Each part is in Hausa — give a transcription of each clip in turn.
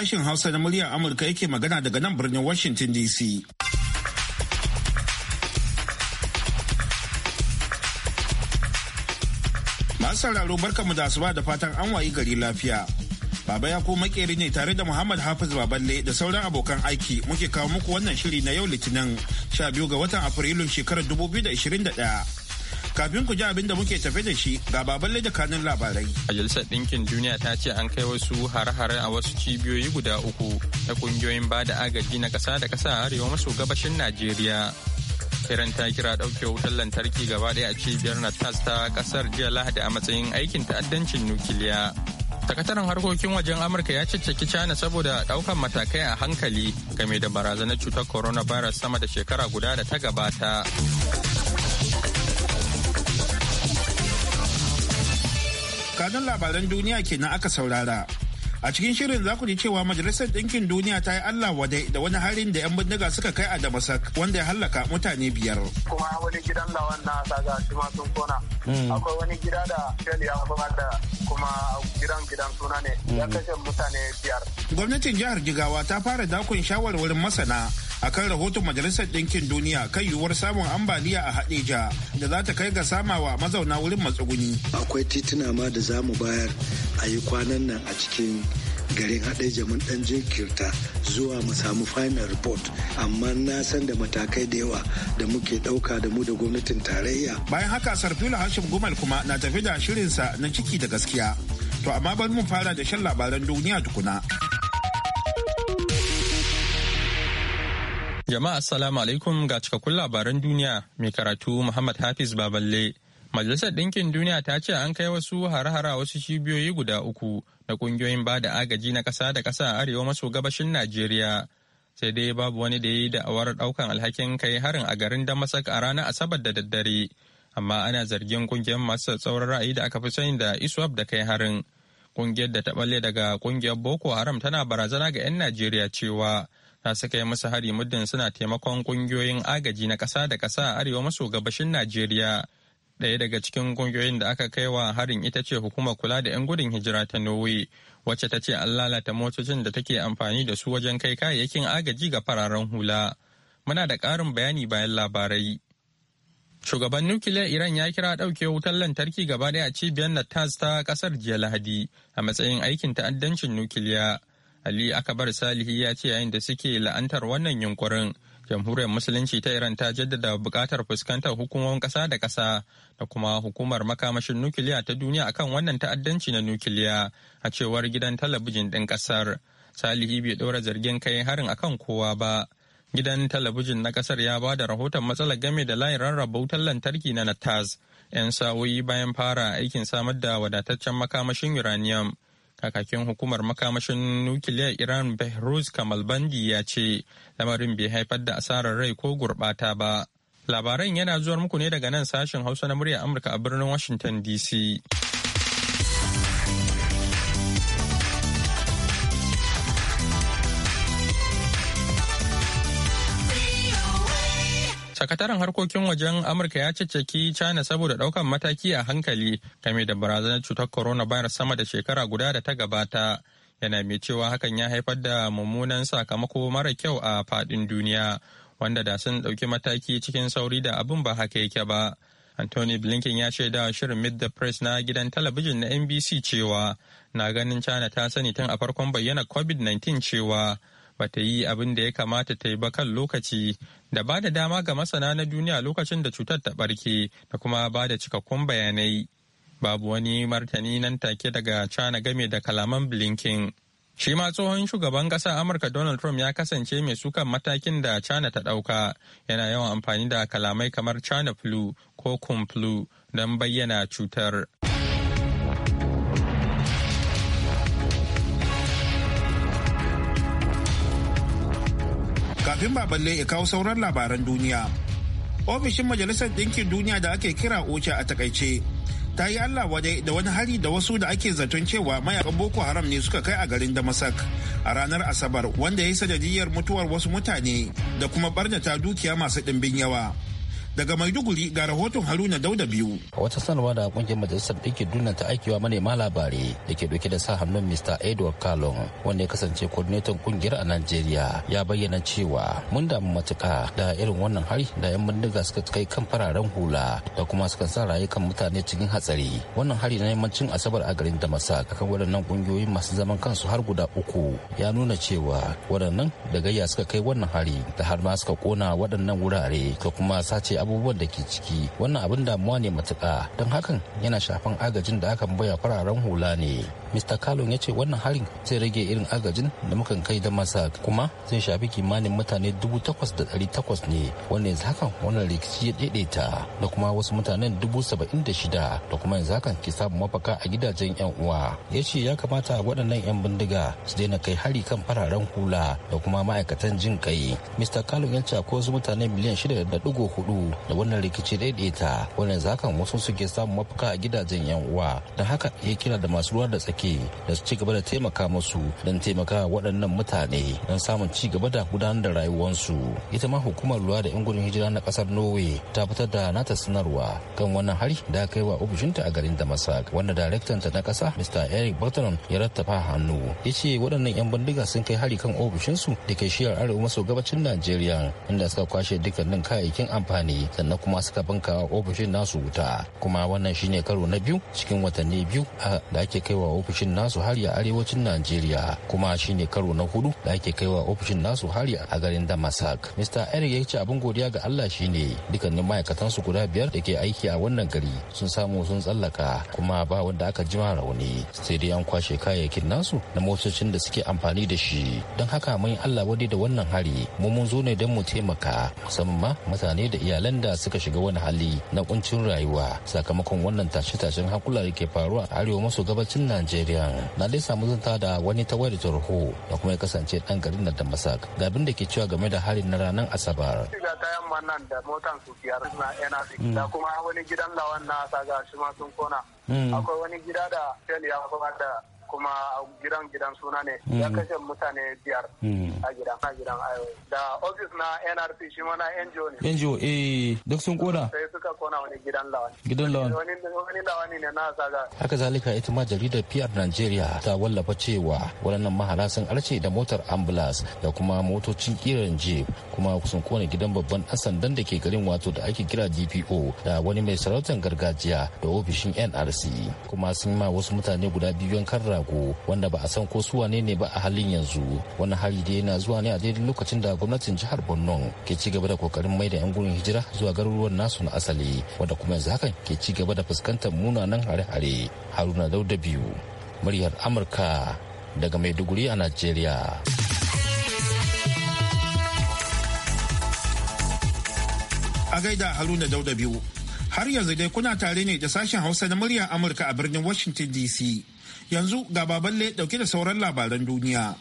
sashen Hausa na muryar Amurka yake magana daga nan birnin Washington DC. Masu sauraro mu da asuba da fatan an wayi gari lafiya. Baba ya ko makeri ne tare da Muhammad Hafiz Baballe da sauran abokan aiki muke kawo muku wannan shiri na yau Litinin 12 ga watan Afrilun shekarar 2021. Kafin ku ji abin da muke tafe da shi ga baban da kanin labarai. Majalisar Ɗinkin Duniya ta ce an kai wasu hare-hare a wasu cibiyoyi guda uku na kungiyoyin ba da agaji na ƙasa da kasa a arewa maso gabashin Najeriya. kiran ta kira ɗauke wutar lantarki gaba ɗaya a cibiyar Natas ta ƙasar jiya Lahadi a matsayin aikin ta'addancin nukiliya. sakataren harkokin wajen amurka ya cicciki china saboda daukan matakai a hankali game da barazanar cutar coronavirus sama da shekara guda da ta gabata tsakanin labaran duniya kenan aka saurara a cikin shirin za ku ji cewa majalisar ɗinkin duniya ta yi allah wadai da wani harin da 'yan bindiga suka kai a damasak wanda ya hallaka mutane biyar kuma wani gidan lawan na saga shi ma sun kona hmm. akwai wani gida da shell ya da kuma gidan gidan suna ne hmm. ya kashe mutane biyar gwamnatin jihar jigawa ta fara dakon shawarwarin masana akan rahoton majalisar ɗinkin duniya kan yiwuwar samun ambaliya a haɗeja. da za ta kai ga samawa mazauna wurin matsuguni akwai tituna ma da za mu bayar a yi kwanan nan a cikin garin haɗe jamin ɗan jinkirta zuwa mu samu final report amma na san da matakai da yawa da muke ɗauka da mu da gwamnatin tarayya. Bayan haka Sarfila Hashim Gumal kuma na tafi da shirin sa na ciki da gaskiya. To amma bari mu fara da shan labaran duniya tukuna. Jama'a assalamu alaikum ga cikakkun labaran duniya mai karatu Muhammad Hafiz Baballe. Majalisar Ɗinkin Duniya ta ce an kai wasu hare-hare wasu cibiyoyi guda uku na ƙungiyoyin ba da agaji na ƙasa da ƙasa a arewa maso gabashin Najeriya. Sai dai babu wani da ya yi da'awar ɗaukan alhakin kai harin a garin Damasak a ranar Asabar da daddare. Amma ana zargin ƙungiyar masu tsauran ra'ayi da aka fi sani da ISWAP da kai harin. Ƙungiyar da ta ɓalle daga ƙungiyar Boko Haram tana barazana ga 'yan Najeriya cewa ta saka yi musu hari muddin suna taimakon ƙungiyoyin agaji na ƙasa da ƙasa a arewa maso gabashin Najeriya. Ɗaya daga cikin ƙungiyoyin da aka kai wa harin ita ce hukumar kula da 'yan gudun hijira ta Norway, wacce ta ce an lalata motocin da take amfani da su wajen kai kayayyakin agaji ga fararen hula. Muna da ƙarin bayani bayan labarai. Shugaban nukiliyar Iran ya kira ɗauke wutar lantarki gaba ɗaya a cibiyar Natanz ta ƙasar jiya Lahadi a matsayin aikin ta'addancin nukiliya. Ali Akabar Salihi ya ce yayin da suke la'antar wannan yunkurin jamhuriyar musulunci ta iran ta jaddada bukatar fuskantar hukumomin kasa da kasa da kuma hukumar makamashin nukiliya ta duniya akan wannan ta'addanci na nukiliya a cewar gidan talabijin ɗin ƙasar salihi bai ɗora zargin kai harin akan kowa ba gidan talabijin na ƙasar ya ba da rahoton matsalar game da layin rarraba wutar lantarki na natas 'yan sa'o'i bayan fara aikin samar da wadataccen makamashin uranium kakakin hukumar makamashin nukiliyar iran behruz kamalbandi ya ce lamarin bai haifar da asarar rai ko gurbata ba labaran yana zuwar muku ne daga nan sashen hausa na murya amurka a birnin washington dc Sakataren harkokin wajen Amurka ya caccaki China saboda daukan mataki a hankali game da barazanar cutar corona coronavirus sama da shekara guda da ta gabata. Yana mai cewa hakan ya haifar da mummunan sakamako mara kyau a fadin duniya, wanda da sun dauki mataki cikin sauri da abin ba haka yake ba. Anthony Blinken ya ce da shirin mid the Press na gidan talabijin na NBC cewa na ganin China ta sani tun a farkon bayyana COVID-19 cewa ba ta yi abin da ya kamata ta yi ba kan lokaci da ba da dama ga masana na duniya lokacin da cutar ta barke da kuma ba da cikakkun bayanai babu wani martani nan take daga china game da kalaman blinken shi ma tsohon shugaban ƙasar amurka donald trump ya kasance mai sukan matakin da china ta ɗauka yana yawan amfani da kalamai kamar china flu ko kum flu don bayyana cutar kafin baballe ya kawo sauran labaran duniya ofishin majalisar ɗinkin duniya da ake kira ocha a takaice ta yi allah wadai da wani hari da wasu da ake zaton cewa mayakan boko haram ne suka kai a garin damasak a ranar asabar wanda ya yi sanadiyar mutuwar wasu mutane da kuma barnata dukiya masu ɗimbin yawa Daga Maiduguri ga rahoton Haruna Dauda biyu. A wata sanarwa da kungiyar majalisar ɗinkin duniya ta aikewa manema labarai da ke dauke da sa hannun Mr. Edward Kalon wanda ya kasance coordinator kungiyar a Najeriya ya bayyana cewa mun damu matuka da irin wannan hari da 'yan bindiga suka kai kan fararen hula da kuma suka sa rayukan mutane cikin hatsari. Wannan hari na yammacin Asabar a garin Damasak kan waɗannan kungiyoyi masu zaman kansu har guda uku ya nuna cewa waɗannan da gayya suka kai wannan hari da har ma suka kona waɗannan wurare da kuma sace abubuwan da ke ciki wannan abin damuwa ne matuka don hakan yana shafan agajin da aka baya fararen hula ne mr kalon ya ce wannan harin zai rage irin agajin da mukan kai da masa kuma zai shafi kimanin mutane dubu takwas da ɗari takwas ne wanda yanzu hakan wannan rikici ya daidaita da kuma wasu mutanen dubu saba'in da shida da kuma yanzu hakan ke samun mafaka a gidajen yan uwa ya ce ya kamata waɗannan yan bindiga su daina kai hari kan fararen hula da kuma ma'aikatan jin kai mr kalon ya ce akwai wasu mutane miliyan shida da ɗigo hudu da wannan rikici daidaita wannan zakan wasu suke samun mafaka a gidajen yan uwa da haka ya kira da masu ruwa da tsaki da su ci gaba da taimaka masu. don taimaka waɗannan mutane don samun ci gaba da gudanar da rayuwarsu ita ma hukumar ruwa da yan gudun hijira na ƙasar norway ta fitar da nata sanarwa kan wannan hari da aka kai wa ofishinta a garin damasak wanda daraktanta na ƙasa mr eric barton ya rattafa hannu ya ce waɗannan yan bindiga sun kai hari kan ofishinsu da ke shiyar arewa maso gabacin najeriya inda suka kwashe dukkanin kayayyakin amfani sannan kuma suka banka ofishin nasu wuta kuma wannan shine karo na biyu cikin watanni biyu da ake kaiwa ofishin nasu hari a arewacin najeriya kuma shine karo na hudu da ake kaiwa ofishin nasu hari a garin damasak mr eric ya ce abin godiya ga allah shine dukkanin ma'aikatan su guda biyar da ke aiki a wannan gari sun samu sun tsallaka kuma ba wanda aka jima rauni sai dai an kwashe kayayyakin nasu na motocin da suke amfani da shi don haka mun allah wadai da wannan hari mu mun zo ne don mu taimaka musamman mutane da iyalai da suka shiga wani hali na kuncin rayuwa sakamakon wannan tashe-tashen hankula da ke faruwa a arewa maso gabacin najeriya na dai samu zanta da wani ta wayar tarho da kuma ya kasance dan garin da Damasak. ga abin da ke cewa game da harin na ranar asabar. ta yamma da motan su biyar hmm. kuma wani gidan lawan na saga shi ma kona. Hmm. Akwai wani gida da Shell ya da kuma gidan gidan suna ne mm. ya kashe mutane biyar mm. a gidan a gidan da ofis na nrc shi ma na ngo ne ngo eh duk sun koda sai suka wani gidan lawani Haka zalika ita ma jaridar PR nigeria ta wallafa cewa waɗannan mahala sun arce da motar ambulance da kuma motocin kiran jeep kuma sun kone gidan babban ɗan sandan da ke garin wato da ake kira DPO da wani mai sarautar gargajiya da ofishin NRC kuma sun ma wasu mutane guda biyu kan rago wanda ba a san ko su wane ne ba a halin yanzu wani hari dai na zuwa ne a daidai lokacin da gwamnatin jihar Borno ke ci gaba da kokarin mai da 'yan gudun hijira zuwa garuruwan nasu na asali wanda kuma yanzu hakan ke ci gaba da fuskantar munanan hare-hare haruna dauda biyu muryar amurka daga maiduguri a najeriya a gaida haruna dauda biyu har yanzu dai kuna tare ne da sashen hausa na muryar amurka a birnin washington dc yanzu ga baballe dauke da sauran labaran duniya.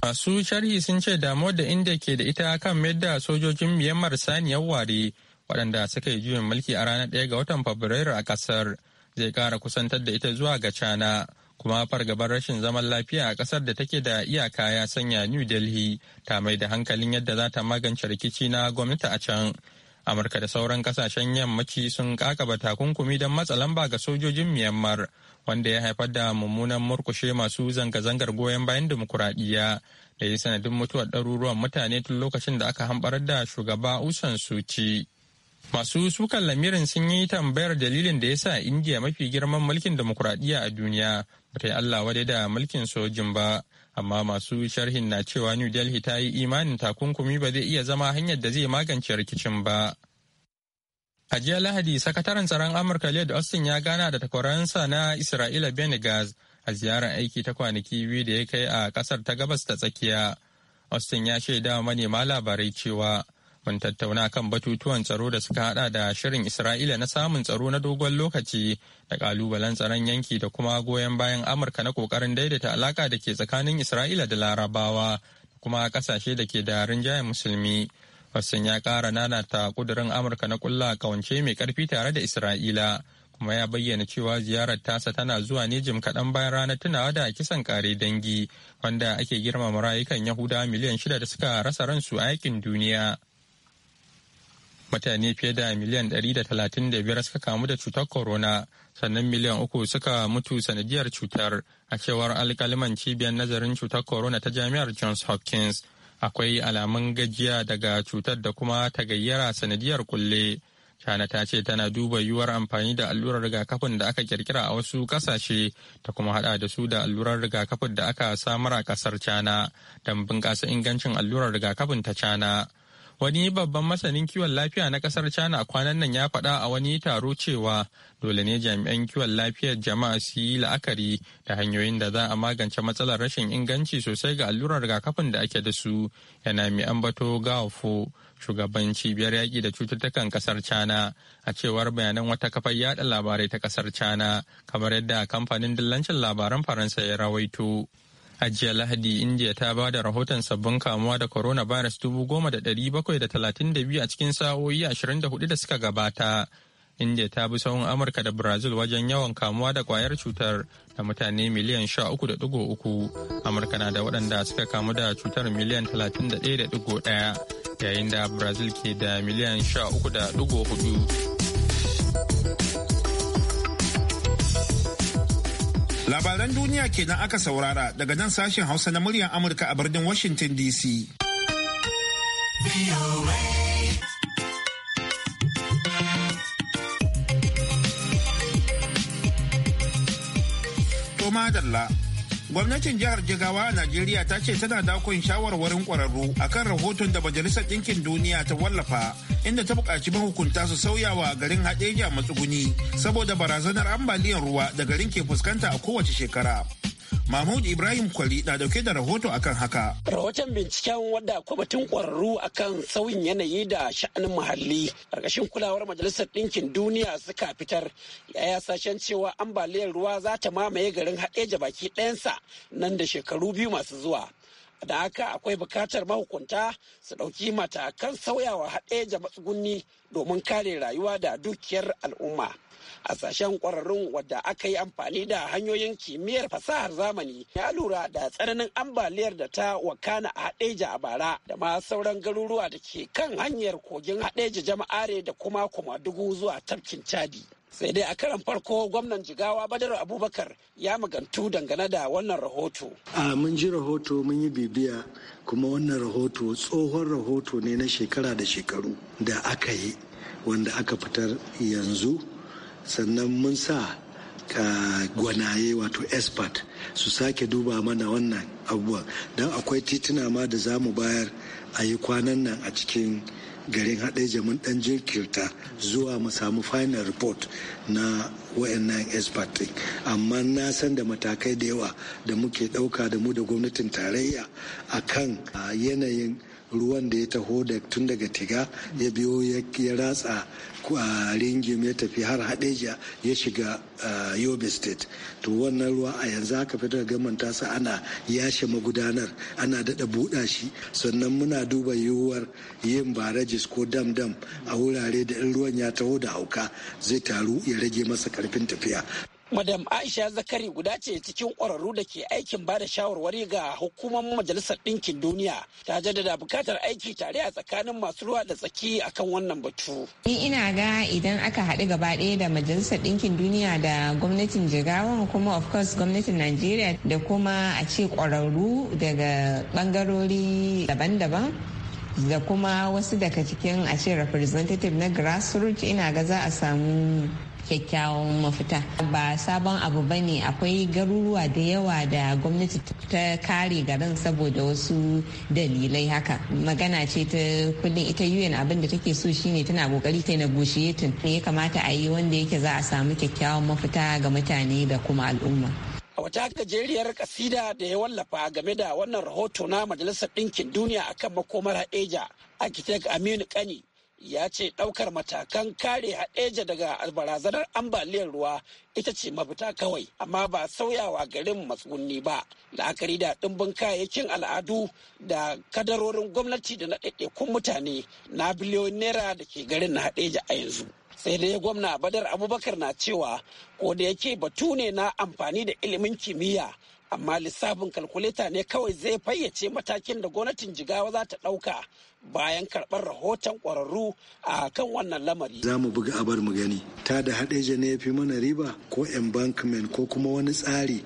Masu sharhi sun ce damuwar da inda ke da ita kan yadda sojojin Myanmar saniyar ware waɗanda suka yi juyin mulki a ranar 1 ga watan Fabrairu a ƙasar zai kara kusantar da ita zuwa ga Cana kuma fargabar rashin zaman lafiya a ƙasar da take da iyaka ya sanya New Delhi ta mai da hankalin yadda za ta magance rikici na gwamnati a can. Amurka da sauran kasashen yammaci sun ƙaƙaba takunkumi don matsa lamba ga sojojin Myanmar wanda ya haifar da mummunan murkushe masu zanga-zangar goyon bayan dimokuraɗiyya da ya sanadin mutuwar ɗaruruwan mutane tun lokacin da aka hanɓar da shugaba usan suci masu sukan lamirin sun yi tambayar dalilin da ya sa indiya mafi girman mulkin dimokuraɗiyya a duniya bata yi allah wadai da mulkin sojin ba amma masu sharhin na cewa new delhi ta yi imanin takunkumi ba zai iya zama hanyar da zai magance rikicin ba A jiya Lahadi, sakataren tsaron Amurka Lloyd Austin ya gana da takwaransa na Isra'ila Benny a ziyarar aiki ta kwanaki biyu da ya kai a kasar ta gabas ta tsakiya. Austin ya shaida wa manema labarai cewa mun tattauna kan batutuwan tsaro da suka hada da shirin Isra'ila na samun tsaro na dogon lokaci da kalubalen tsaron yanki da kuma goyon bayan Amurka na kokarin daidaita alaka da ke tsakanin Isra'ila da Larabawa da kuma kasashe da ke da rinjayen musulmi. Hassan ya ƙara ta ƙudurin Amurka na ƙulla kawance mai karfi tare da Isra'ila, kuma ya bayyana cewa ziyarar tasa tana zuwa ne jim kaɗan bayan ranar tunawa da kisan kare dangi, wanda ake girmama rayukan Yahuda miliyan shida da suka rasa ransu a yakin duniya. Mutane fiye da miliyan ɗari da talatin da biyar suka kamu da cutar corona, sannan miliyan uku suka mutu sanadiyar cutar, a cewar alkaliman cibiyar nazarin cutar corona ta jami'ar Johns Hopkins. akwai alamun gajiya daga cutar da kuma ta gayyara sanadiyar kulle. China ta ce tana duba yiwuwar amfani da allurar rigakafin da aka kirkira a wasu kasashe ta kuma hada da su da allurar rigakafin da aka samar a kasar China don bunƙasa ingancin allurar rigakafin ta China. Wani babban masanin kiwon lafiya na kasar China a kwanan nan ya faɗa a wani taro cewa dole ne jami'an kiwon lafiyar jama'a su yi la'akari da hanyoyin da za a magance matsalar rashin inganci sosai ga allurar rigakafin da ake da su yana mai ambato gawafo shugaban cibiyar yaƙi da cututtukan kasar China a cewar bayanan wata kafar yaɗa labarai ta kasar China kamar yadda kamfanin dillancin labaran Faransa ya rawaito. A jiya Lahadi, India ta ba da rahoton sabbin kamuwa da Corona dubu goma da da bakwai talatin da biyu a cikin sa'o'i 24 da suka gabata. India ta bi sahun Amurka da Brazil wajen yawan kamuwa da kwayar cutar da mutane miliyan 13.3. Amurka na da waɗanda suka kamu da cutar miliyan 31.1 yayin da Brazil ke da miliyan 13.4. Labaran duniya kenan aka saurara daga nan sashen Hausa na muryar Amurka a birnin Washington DC. Toma Dalla Gwamnatin jihar Jigawa a Najeriya ta ce tana dakon shawarwarin kwararru akan rahoton da Majalisar Ɗinkin Duniya ta wallafa inda ta buƙaci mahukunta su sauyawa a garin Hadeja matsuguni saboda barazanar ambaliyar ruwa da garin ke fuskanta a kowace shekara. Mahmud Ibrahim Kwali na dauke da rahoto akan haka. Rahoton binciken wadda kwamitin kwararru akan sauyin yanayi da sha'anin muhalli ƙarƙashin kulawar Majalisar Ɗinkin Duniya suka fitar ya sashen cewa ambaliyar ruwa za ta mamaye garin Haɗeja baki ɗayansa nan da shekaru biyu masu zuwa. Da haka akwai bukatar mahukunta su ɗauki matakan sauyawa Haɗeja matsugunni domin kare rayuwa da dukiyar al'umma. hasashen kwararrun wadda aka yi amfani da hanyoyin kimiyyar fasahar zamani ya lura da tsananin ambaliyar da ta wakana a haɗeja a bara da ma sauran garuruwa da ke kan hanyar kogin hadeja jama'are da kuma kuma kumadugu zuwa tafkin chadi sai dai a karan farko gwamnan jigawa badar abubakar ya magantu dangane da wannan rahoto a mun ji rahoto mun yi bibiya kuma wannan rahoto tsohon rahoto ne na shekara da shekaru da aka yi wanda aka fitar yanzu sannan mun sa ka gwanaye wato expert su sake duba mana wannan abubuwan don akwai tituna ma da za mu bayar a yi kwanan nan a cikin garin haɗe mun ɗan jirkirta zuwa mu samu final report na wayannan expert ɗin amma na san da matakai da yawa da muke ɗauka da mu da gwamnatin tarayya akan yanayin ruwan da ya taho da tun daga tiga ya biyo ya ratsa a ringim ya tafi har hadeja ya shiga yobe state to wannan ruwa a yanzu haka fitar gaman tasa ana yashe magudanar ana dada buɗa shi sannan muna duba yiwuwar yin barajis ko dam dam a wurare da in ruwan ya taho da hauka zai taru ya rage masa karfin tafiya Madam Aisha Zakari guda ce cikin ƙwararru da ke aikin bada shawarwari ga hukumar Majalisar Ɗinkin Duniya ta jaddada bukatar aiki tare a tsakanin masu ruwa da tsaki akan wannan batu. Ni ina ga idan aka haɗu gaba ɗaya da Majalisar Ɗinkin Duniya da gwamnatin jigawa kuma of course gwamnatin Najeriya da kuma a ce ƙwararru daga ɓangarori daban-daban da kuma wasu daga cikin a ce representative na grassroots ina ga za a samu kyakkyawan mafita ba sabon abu ba ne akwai garuruwa da yawa da gwamnati ta kare garin saboda wasu dalilai haka magana ce ta kudin ita un abin da take so shine tana kokari ta negotiating ne ya kamata a yi wanda yake za a samu kyakkyawan mafita ga mutane da kuma al'umma a wata gajeriyar kasida da ya wallafa game da wannan rahoto na majalisar ɗinkin duniya akan makomar haɗeja architect aminu kani ya ce ɗaukar matakan kare haɗeja daga barazanar ambaliyar ruwa ita ce mafita kawai amma ba sauyawa garin matsugunni ba la'akari da ɗimbin kayayyakin al'adu da kadarorin gwamnati da na ɗaiɗaikun mutane na biliyoyin naira da ke garin na haɗeja a yanzu sai dai gwamna badar abubakar na cewa ko da yake batu ne na amfani da ilimin kimiyya amma lissafin kalkuleta ne kawai zai fayyace matakin da gwamnatin jigawa za ta ɗauka bayan karɓar rahoton ƙwararru a kan wannan lamari. Za mu buga abar mu gani, ta da haɗeja ne ya fi mana riba ko embankment ko kuma wani tsari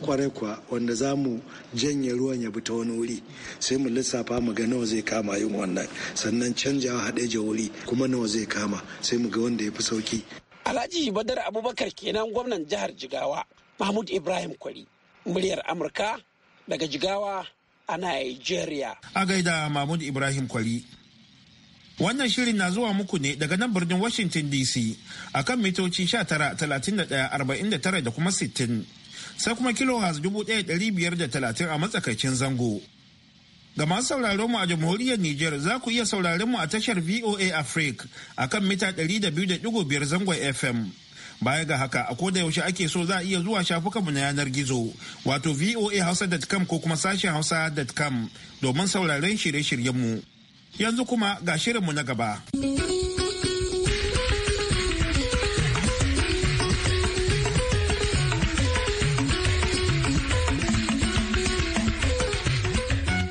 kwarai kwa wanda za mu janye ruwan ya bi ta wani wuri sai mu lissafa mu ga nawa zai kama yin wannan sannan canjawa haɗeja wuri kuma nawa zai kama sai mu ga wanda ya fi sauki. Alhaji Badar Abubakar kenan gwamnan jihar Jigawa Mahmud Ibrahim Kwari muryar Amurka daga Jigawa a Nigeria. A gaida Mahmud Ibrahim Kwari. Wannan shirin na zuwa muku ne daga nan birnin Washington DC a kan mitoci 19,31,49 da kuma 60. Sai kuma kilohaz 1,530 a matsakaicin zango. Ga masu sauraron mu a jamhuriyar Nijar za ku iya sauraron mu a tashar VOA Africa a kan mita 200.5 zangon FM. Baya ga haka a koda yaushe ake so za a iya zuwa mu na yanar gizo wato voahausa.com ko kuma sashen hausa.com domin sauraron shirye-shiryenmu. Yanzu kuma ga shirinmu na gaba.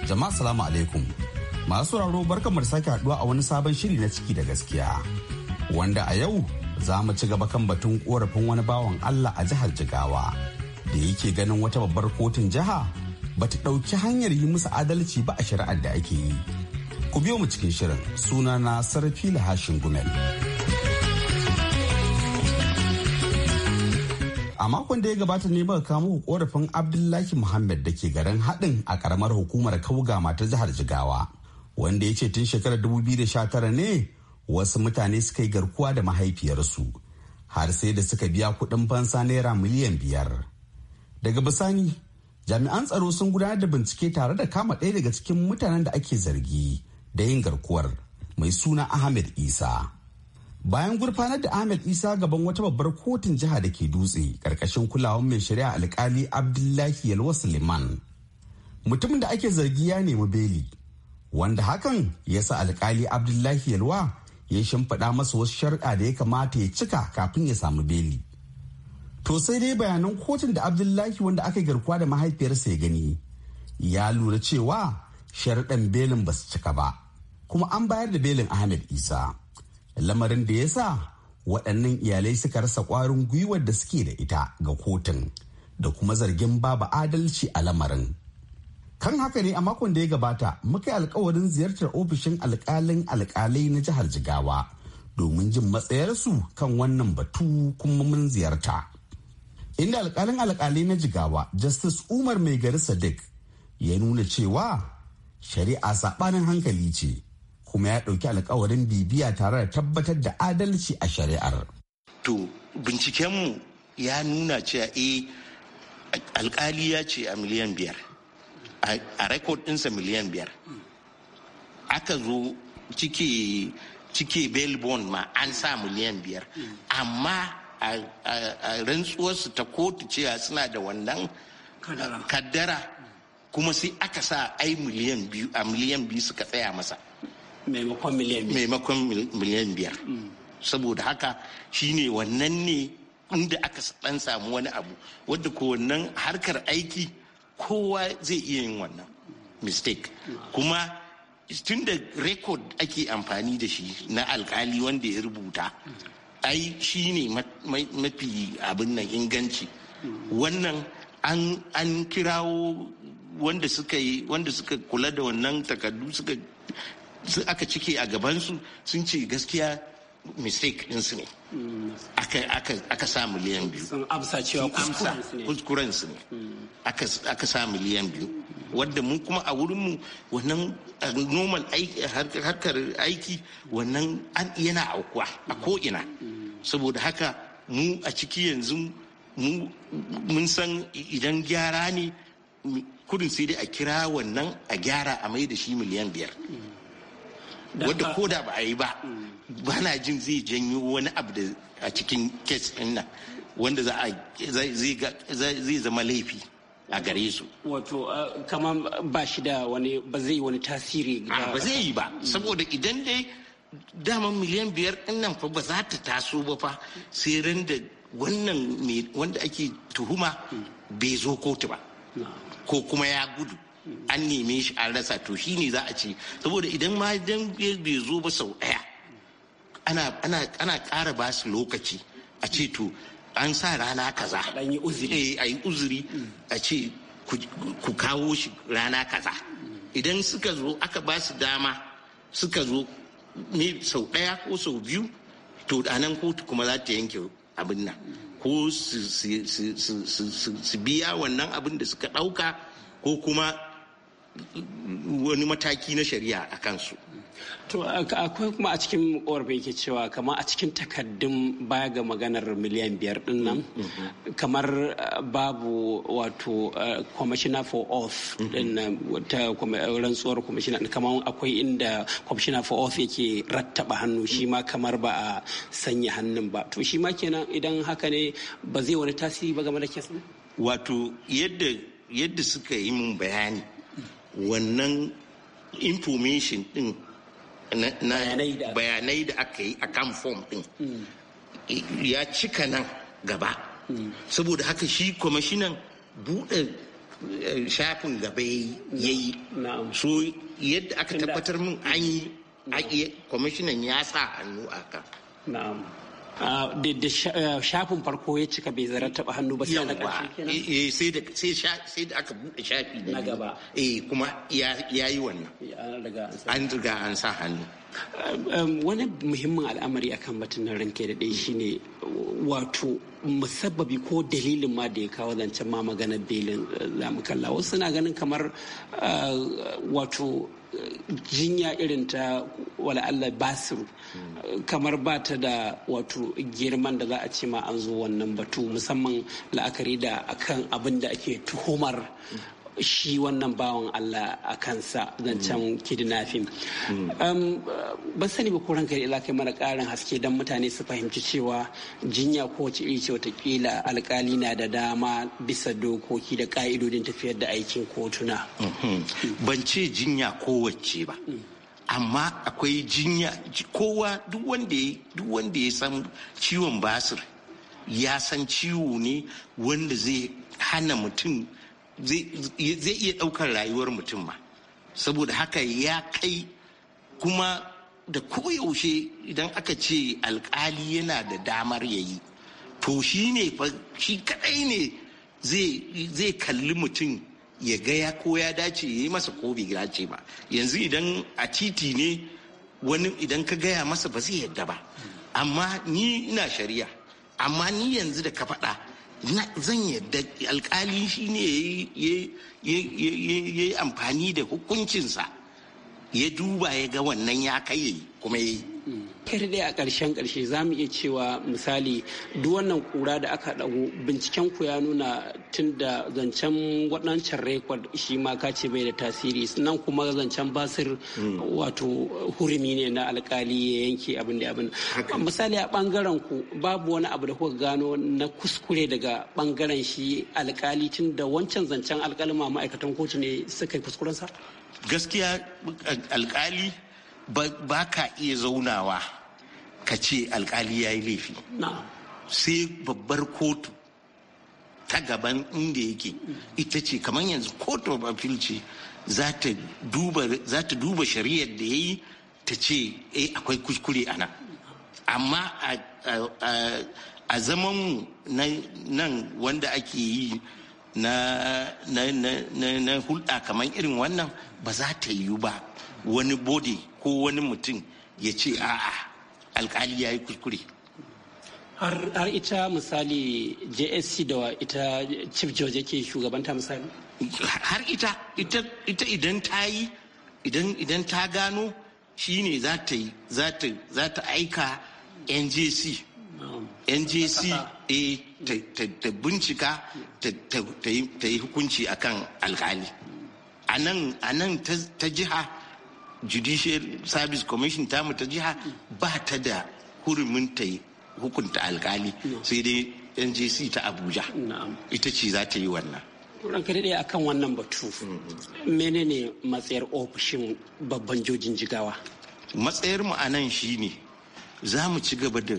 Jama'a salamu alaikum. Masu sauraro barkamu da sake haduwa a wani sabon shiri na ciki da gaskiya. Wanda a yau za mu ci gaba kan batun korafin wani bawan Allah a jihar Jigawa da yake ganin wata babbar kotun jiha ba ta ɗauki hanyar yi musu adalci ba a shari'ar da ake yi. Ku biyo mu cikin shirin suna na sarfi lahashin gumel. A makon da ya gabata ne muka kamo korafin Abdullahi Muhammad da ke garin haɗin a ƙaramar hukumar Kauga mata jihar Jigawa. Wanda ya ce tun shekarar 2019 ne wasu mutane suka yi garkuwa da mahaifiyarsu har sai da suka biya kuɗin fansa naira miliyan biyar daga bisani jami'an tsaro sun gudanar da bincike tare da kama ɗaya daga cikin mutanen da ake zargi da yin garkuwar mai suna ahmed isa bayan gurfanar da ahmed isa gaban wata babbar kotun jiha da ke dutse ƙarƙashin kulawan mai shari'a alkali abdullahi yalwa suleiman mutumin da ake zargi ya nemi beli wanda hakan ya sa alkali abdullahi yalwa ya shimfiɗa masa wasu sharɗa da ya kamata ya cika kafin ya samu beli. To sai dai bayanan kotun da Abdullahi wanda aka garkuwa da mahaifiyarsa ya gani ya lura cewa sharɗan belin ba su cika ba kuma an bayar da belin Ahmed Isa. Lamarin da ya sa waɗannan iyalai suka rasa ƙwarin gwiwar da suke da ita ga kotun da kuma zargin babu adalci a lamarin. kan haka ne a makon da ya gabata muka yi alkawarin ziyartar ofishin alkalin alkalai na jihar jigawa domin jin matsayarsu kan wannan batu kuma mun ziyarta inda alkalin alkalai na jigawa justice umar mai gari sadiq ya nuna cewa shari'a saɓanin hankali ce kuma ya ɗauki alkawarin bibiya tare da tabbatar da adalci a shari'ar to bincikenmu ya nuna cewa eh alkali ya ce a miliyan biyar a rekod ɗinsa miliyan biyar aka zo cike cike belbon ma an sa miliyan biyar amma a rantsuwarsu ta kotu cewa suna da wannan kaddara kuma sai aka sa ai miliyan biyu a miliyan biyu suka tsaya masa maimakon miliyan biyar saboda haka shine wannan ne inda aka dan samu wani abu wadda ko wannan harkar aiki kowa zai iya yin wannan mistake kuma tun da record ake amfani da shi na alkali wanda ya rubuta ai shi ne mafi abin nan inganci wannan an kirawo wanda suka yi wanda suka kula da wannan takardu suka aka cike a gabansu sun ce gaskiya mistake ɗinsu ne mm. aka sa miliyan biyu kuskuren su ne mm. aka sa miliyan biyu wadda mun kuma a wurinmu wannan normal harkar aiki wannan yana aukuwa a ko'ina mm. saboda haka mu a ciki yanzu mun san idan gyara ne kudin sai dai a kira wannan a gyara a mai da shi miliyan biyar wadda ko da ba a yi ba bana jin zai janyo wani abu da a cikin kes ɗin nan wanda zai zama laifi a gare su. Wato kamar ba shi da wani ba zai wani tasiri ba zai yi ba saboda idan dai dama miliyan biyar din nan fa ba za ta taso ba fa sai ran da wannan wanda ake tuhuma bai zo kotu ba ko kuma ya gudu an neme shi an rasa to shine za a ce saboda idan ma dan bai zo ba sau ɗaya ana ana ƙara ba su lokaci a ce to an sa rana kaza eh, a yi uzuri a ce ku kawo shi rana kaza idan suka zo aka ba su dama suka zo ne sau ɗaya ko sau biyu to a nan kotu kuma za ta yanke abin nan ko su biya wannan abin da suka ɗauka ko kuma wani mataki na shari'a a kansu to akwai kuma a cikin korafin yake cewa kamar a cikin takaddun baya ga maganar miliyan biyar din nan mm-hmm. kamar eh, babu wato eh, commissioner for oath din mm-hmm. ta eh, rantsuwar commissioner kamar akwai inda commissioner for oath yake rattaba hannu shi ma kamar ba a sanya hannun ba to shi ma kenan idan haka ne ba zai wani tasiri ba game da kesa. wato yadda yadda suka yi mun bayani wannan information din na bayanai da aka yi a kan form din hmm. ya cika nan gaba hmm. saboda haka shi nan buɗe eh, shafin gaba ya yi so yadda aka tabbatar min an yi kwamishinan ya sa hannu a kan Ah, da ah, shafin farko ya cika bai zarar taba hannu ba sai eh, eh, da sai da aka buɗe shafi na gaba eh kuma ya yi wannan an riga an sa hannu ah, um, wani muhimmin al'amari akan batun nan ranke da ɗaya shine wato musabbabi ko dalilin ma da ya kawo zancen ma magana belin eh, zamu kalla wasu suna ganin kamar wato jinya irin ta Allah Basir, kamar ba ta da wato girman da za a ce ma an zo wannan batu musamman la'akari da akan abin da ake tuhumar shi wannan bawan Allah a kansa can mm. kidnapping. Mm. Um, uh, ban sani ba ko kai ila kai mana karin haske don mutane su fahimci cewa jinya ko wace iri ce watakila alkali na da dama bisa dokoki da ka'idodin tafiyar da aikin kotuna. Mm-hmm. Mm. Ban ce jinya kowace ba. Amma akwai jinya kowa duk wanda ya san ciwon basir ya san ciwo ne wanda zai hana mutum zai iya ɗaukar rayuwar mutum ma saboda haka ya kai kuma da koyaushe idan aka ce alkali yana da damar ya yi to shi ne shi kadai ne zai kalli mutum ya gaya ko ya dace ya yi masa ko bai dace ba yanzu idan a titi ne wani idan ka gaya masa ba zai yadda ba amma ni ina shari'a amma ni yanzu da ka faɗa zan yadda alkali shi ne ya yi amfani da hukuncinsa ya duba ya ga wannan ya kai kuma ya yi kar dai a ƙarshen ƙarshe za mu iya cewa misali duk wannan kura da aka dago binciken ku ya nuna tun da zancen waɗancan rekod shi ma ka ce bai da tasiri nan kuma zancen basir wato hurumi ne na alkali ya yanke abin da abin misali a ɓangaren ku babu wani abu da kuka gano na kuskure daga ɓangaren shi alkali tun da wancan zancen ma ma'aikatan kotu ne suka yi kuskurensa gaskiya alkali ba ka iya zaunawa ka ce alkali ya yi laifi sai babbar kotu ta gaban inda yake ita ce kamar yanzu kotu babbar ce za ta duba shari'ar da ya yi ta ce eh akwai kuskure a nan amma a zamanmu nan wanda ake yi na, na, na, na, hulɗa kamar irin wannan ba za ta yiwu ba wani bode ko wani mutum ya ce a'a alkali ya yi kuskure har ita misali jsc da wa ita chief george ke shugabanta misali har ita ita idan ta yi idan ta gano ne za ta yi za ta aika njc njc eh, ta bincika ta yi hukunci akan alkali a nan ta jiha judicial service commission tamu ta jiha ba ta da hurumin ta hukunta alkali sai dai ngc ta abuja ita ce za ta yi wannan ranka daɗe a kan wannan batu menene matsayar ofishin babban jojin jigawa matsayar mu a nan shine za mu ci gaba da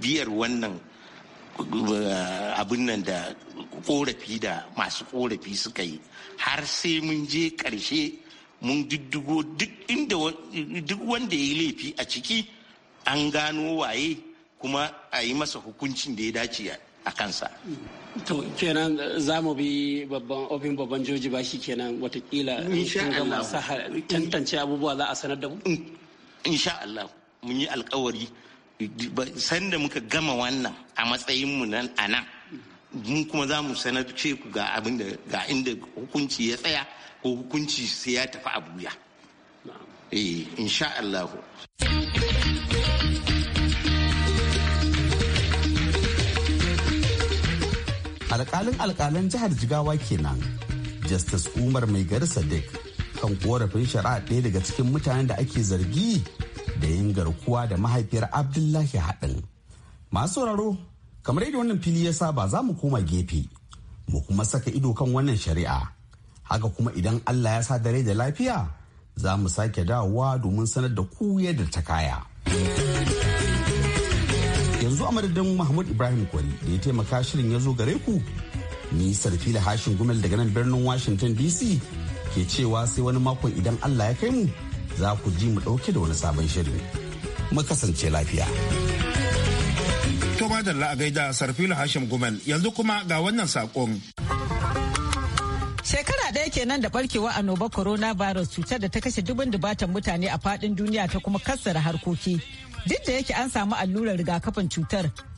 biyar wannan eh, abin nan da korafi da masu korafi suka yi har sai mun je ƙarshe mun diddigo duk inda duk wanda ya yi laifi a ciki an gano waye kuma a yi masa hukuncin da ya dace a kansa. To kenan za mu bi babban ofin babban joji ba shi kenan watakila tantance abubuwa za a sanar da mu? Insha Allah mun yi alkawari sanda muka gama wannan a matsayinmu nan a nan mu kuma za mu sanar ce ku ga abin da ga inda hukunci ya tsaya ko hukunci sai ya tafi abuya eh insha Allah alkalin alkalin jihar jigawa kenan justice umar mai gari sadiq kan korafin shari'a ɗaya daga cikin mutanen da ake zargi da yin garkuwa da mahaifiyar abdullahi haɗin masu sauraro kamar yadda wannan fili ya saba za mu koma gefe mu kuma saka ido kan wannan shari'a haka kuma idan allah ya sa dare da lafiya za mu sake dawowa domin sanar da ku yadda ta kaya yanzu a madadin mahmud ibrahim kwari da ya taimaka shirin ya zo gare ku ni sarfila hashin gumel daga nan birnin washington dc ke cewa sai wani makon idan allah ya kai mu za ku ji mu dauke da wani sabon shirin mu kasance lafiya. To madalla a gaida Sarfila Hashim Gumel yanzu kuma ga wannan sakon. Shekara ɗaya kenan da barkewa annoba coronavirus cutar da ta kashe dubin dubatan mutane a faɗin duniya ta kuma kassara harkoki. Duk da yake an samu allurar rigakafin cutar,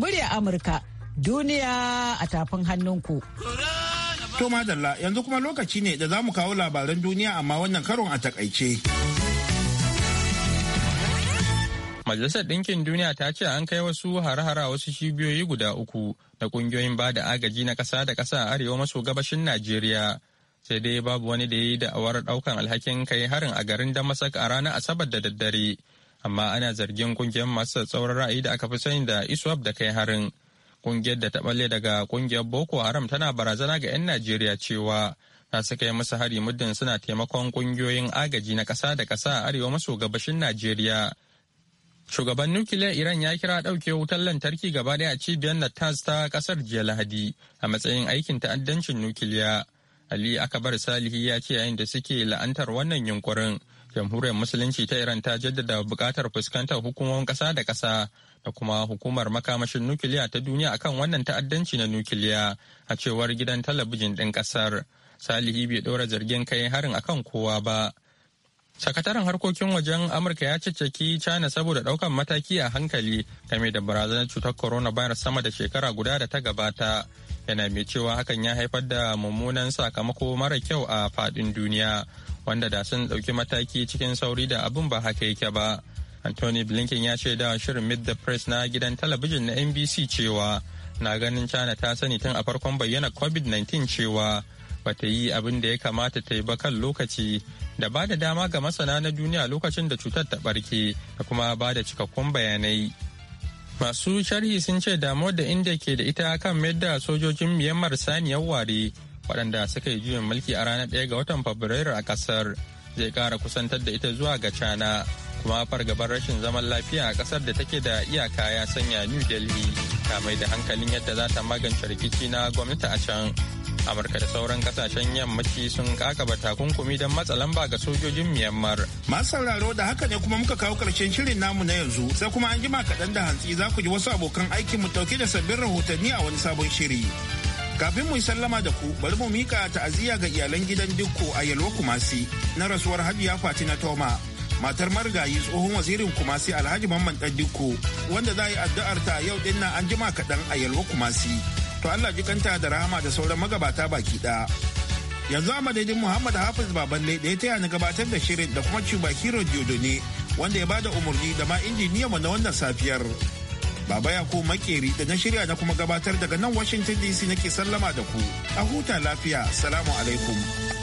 murya Amurka duniya a tafin hannunku. To madalla yanzu kuma lokaci ne da za mu kawo labaran duniya amma wannan karon a takaice. Majalisar Ɗinkin Duniya ta ce an kai wasu hare-hare wasu shibiyoyi guda uku da ƙungiyoyin ba da agaji na ƙasa da ƙasa a arewa maso gabashin Najeriya. Sai dai babu wani da ya yi da'awar ɗaukan alhakin kai harin a garin Damasak a ranar Asabar da daddare. amma ana zargin kungiyar masu tsauran ra'ayi da aka fi sani da iswap da kai harin kungiyar da ta balle daga kungiyar boko haram tana barazana ga 'yan najeriya cewa ta suka yi musu hari muddin suna taimakon kungiyoyin agaji na ƙasa da ƙasa a arewa maso gabashin najeriya shugaban nukiliyar iran ya kira ɗauke wutar lantarki gaba ɗaya a cibiyar natas ta ƙasar jiya lahadi a matsayin aikin ta'addancin nukiliya ali akabar salihi ya ce yayin da suke la'antar wannan yunkurin jamhuriyar musulunci ta iran ta jaddada buƙatar fuskantar hukumomin kasa da ƙasa da kuma hukumar makamashin nukiliya ta duniya akan wannan ta'addanci na nukiliya a cewar gidan talabijin ɗin ƙasar salihi bai ɗora zargin kai harin akan kowa ba sakataren harkokin wajen amurka ya cicciki china saboda ɗaukan mataki a hankali game da barazanar cutar corona coronavirus sama da shekara guda da ta gabata yana mai cewa hakan ya haifar da mummunan sakamako mara kyau a faɗin duniya wanda da sun ɗauki mataki cikin sauri da abin ba haka yake ba anthony blinken ya ce da shirin Meet the press na gidan talabijin na nbc cewa na ganin china ta sani tun a farkon bayyana covid-19 cewa bata yi abin da ya kamata ta yi ba kan lokaci da ba da dama ga masana na duniya lokacin da cutar ta barke da kuma ba da cikakkun bayanai masu sharhi sun ce damuwar da inda ke da ita kan mayar da sojojin myanmar saniyar ware waɗanda suka yi juyin mulki a ranar 1 ga watan Fabrairu a ƙasar zai kara kusantar da ita zuwa ga Cana kuma fargabar rashin zaman lafiya a ƙasar da take da iyaka ya sanya New Delhi ta mai da hankalin yadda za ta magance rikici na gwamnati a can. Amurka da sauran kasashen yammaci sun kakaba takunkumi don matsalan ba ga sojojin Myanmar. Masu sauraro da haka ne kuma muka kawo karshen shirin namu na yanzu sai kuma an jima kaɗan da hantsi za ku ji wasu abokan aikin mu ɗauke da sabbin rahotanni a wani sabon shiri. Kafin mu yi sallama da ku bari mu mika ta'aziyya ga iyalan gidan dukko a Yalwa Kumasi na rasuwar Hajiya Fatina Toma. Matar marigayi tsohon wazirin Kumasi Alhaji Mamman Dan dukko wanda za a yi addu'ar ta yau din na an jima kaɗan a Yalwa Kumasi. To Allah jikanta da rahama da sauran magabata baki ɗaya. Yanzu a madadin Muhammad Hafiz Baballe da ya taya ni gabatar da shirin da kuma Cuba Hero ne wanda ya bada umarni da ma mu na wannan safiyar. Baba Yako Makeri da na shirya na kuma gabatar daga nan Washington DC nake sallama da ku. A huta lafiya. Salamu alaikum.